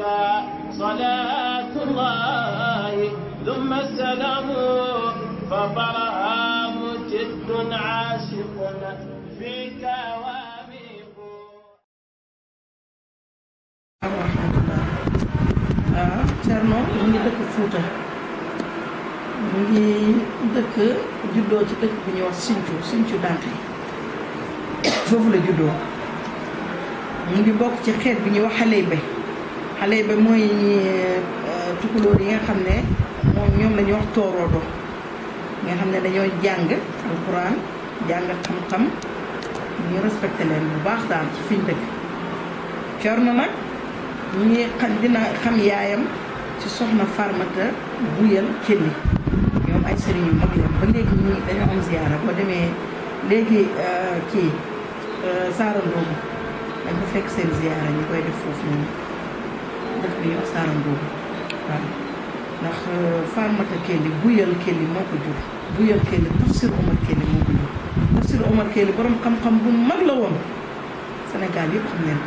عليك صلاة الله ثم السلام فطرها مجد عاشق فيك واميق Cerno ah, mu ngi dëkk Fuuta mu ngi dëkk juddoo ci dëkk bu ñuy wax Sinthiou Sinthiou Dante foofu la juddoo mu ngi bokk ci xeet bi ñuy wax xale yi xale ba mooy euh, tukulóor yi nga xam ne moom ñoom la ñuy wax tooroodo nga xam ne dañoo jàng alquran jàng xam-xam ñu respecté leen bu baax daal ci fiñ dëkk Cerno nag ñu xam dina xam yaayam ci soxna Farmata Buyal Kenni ñoom ay sëriñ mag la ba léegi ñi dañoo am ziyaara boo demee léegi euh, kii euh, saarandoobu dañ ko fekk seen ziyaara ñu koy def foofu noonu daf di wax Sara Mbow waaw ndax euh, Faatumata Kelly Buyal Kelly moo ko jur Buyal Kelly Tafsir Omar Kelly moo ko jur Tafsir Kelly borom xam-xam bu mag la woon Sénégal yëpp xam leen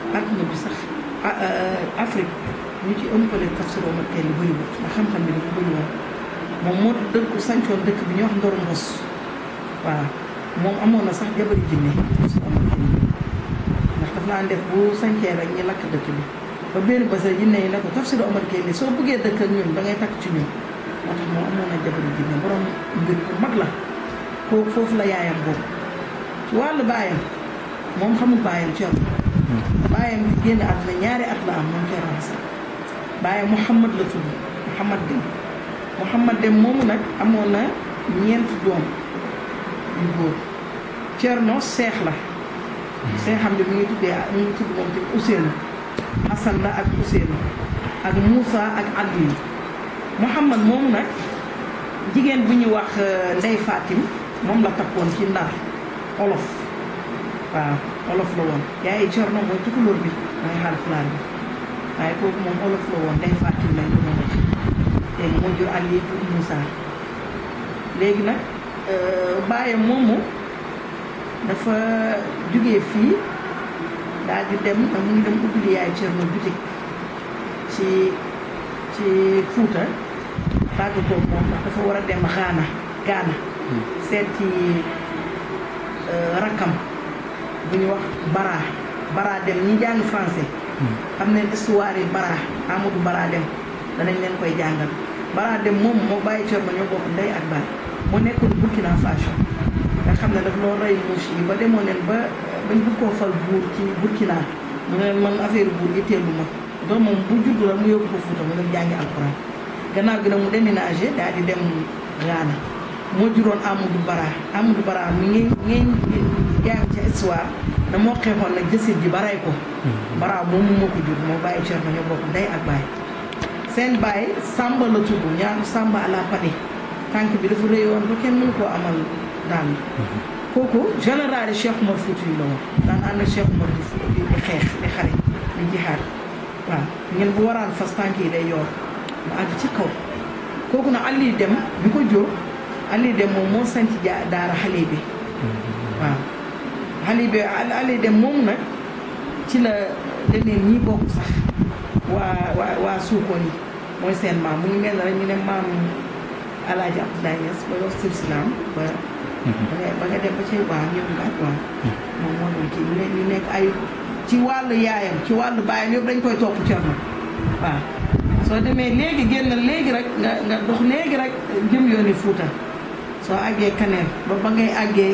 ci ëmpale Tafsir Omar Kelly bëriwul ndax dafa bëri sancoon dëkk bi ñuy wax Ndor Mbos waaw moom amoon na sax jabari jinne Tafsir Omar Kelly ndax daf naa def bu sancee rek ñu lakk dëkk bi ba benn bés yi na ko tafsiru Omar Gueye nii soo bëggee dëkk ak ñun da ngay takk ci ñun moo tax moom amoon na jabar ji ne borom mbir mag la foofu la yaayam boobu ci wàllu baayam moom xamul baayam ci hmm. baayam génn at ñaari at la am moom ci baayam Mouhamad la tudd Mouhamad Dem Mouhamad Dem moomu nag amoon na ñeent doom yu góor Cerno seex la hmm. seexam bi mu ngi tuddee mu ngi tudd moom use la Assane la ak Ousseynou ak Moussa ak Aliou Mouhamad moom nag jigéen bu ñu wax euh, Ndey faatim moom la takkoon ci Ndar olof waaw olof la woon yaay Thierno mooy tukulóor bi mooy Haalpulaar bi waaye kooku moom olof la woon Ndey Fatim lañ ko mën a dégg moo jur Aliou pour Moussa léegi nag euh, bàyyam moomu dafa jóge fii daal di dem mu ngi dem ubbi yaay Thierno boutique ci ci Fouta tàggu ko moom dafa war a dem Ghana Ghana hmm. seet ci euh, rakkam bu ñu wax Bara Bara dem ñi jàng français hmm. xam ne histoire yi Bara Amadou dem danañ leen koy jàngal Bara dem moom moo bàyyi Thierno ñoo bokk ndey ak baay moo nekkoon Burkina Faso nga xam ne daf loo rey muus yi ba demoo leen ba bañ bëgg koo fal buur ci Burkina mu ne man affaire buur itteelu ma doomam bu juddu la mu yóbbu ko Fuuta mu dem jàngi alxuraan gannaaw gi nag mu déménagé daal di dem Ghana moo juróon Amadou Bara Amadou Bara mi ngi ngeen yaayam ca histoire da moo xeexoon nag jësit ji baray ko hmm. Bara moomu moo ko jur moo bàyyi Cerno ñoo bokk ndey ak baay seen baay Samba la tudd ñaar Samba à la tànk bi dafa rëyoon ko kenn mënu koo amal daan hmm. kooku général yi Cheikh Umar Fouti yi la woon daan ànd ak Cheikh Umar di Fouti di xeex di xare di jihaad waaw ngeen bu waraan fas tànk yi day yor mu àgg ci kaw kooku nag Aliou Deme bi ko jóg Aliou Deme moom moo sanc daara xale bi moom nag ci la leneen ñi bokk sax waa waa waa suukoon yi mooy seen maam mu ngi mel rek ñu ne maam Alaaji Abdoulaye Niass ba yor suuf ba ba nga dem ba ci waa ñoom ak waa moom moo doon kii ñu nekk ay ci wàllu yaayam ci wàllu baayam yëpp dañ koy topp Cerno waaw demee léegi génn léegi rek dox léegi rek jëm yooni Fuuta soo àggee Kaneel ba ba ngay àggee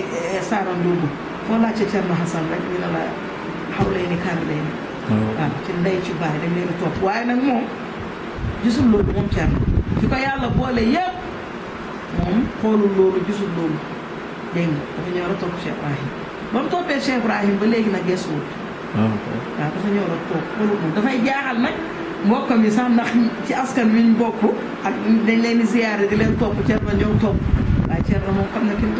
Saara Nduugu foo laajte Cerno Xasan rek ñu ne la xaw lay ni kaar lay ni waaw dañ leen topp waaye nag gisul loolu moom Cerno boole yëpp moom xoolul loolu gisul loolu dégg nga dafa ñëw rek topp Cheikh Ibrahim ba mu toppee Cheikh Ibrahim ba léegi nag gees wut waaw dafa ñëw rek toog dafay jaaxal nag mbokkam yi sax ndax ci askan wi bokk ak dañ leen di di leen topp Thierno ñëw topp waaye Thierno moom xam na ki mu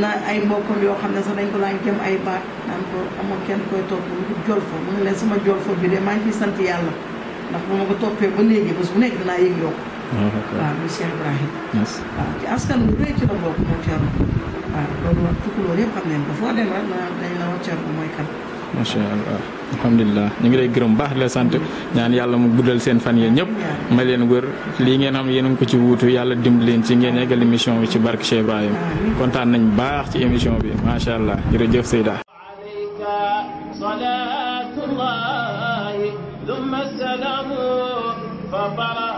na ay mbokkam yoo xam ne sax dañ ko daan ay baat naan ko amoo kenn koy topp mu leen sama jolfo bi maa ngi sant yàlla ndax bu ba léegi bés nekk dinaa yëg yokku. waaw mm-hmm. ah, ah, bu ah, allah alhamdulilah ñu ngi lay gërëm baax la sant mm-hmm. ñaan yàlla mu guddal seen fan yéen ñëpp may leen wër lii ngeen xam yéen a ko ci wuutu yàlla dimbali leen ci ngeen eggal émission bi ci barke Cheikh Ibrahim kontaan nañ baax ci émission bi macha allah jërëjëf Seyda salaatullahi thumma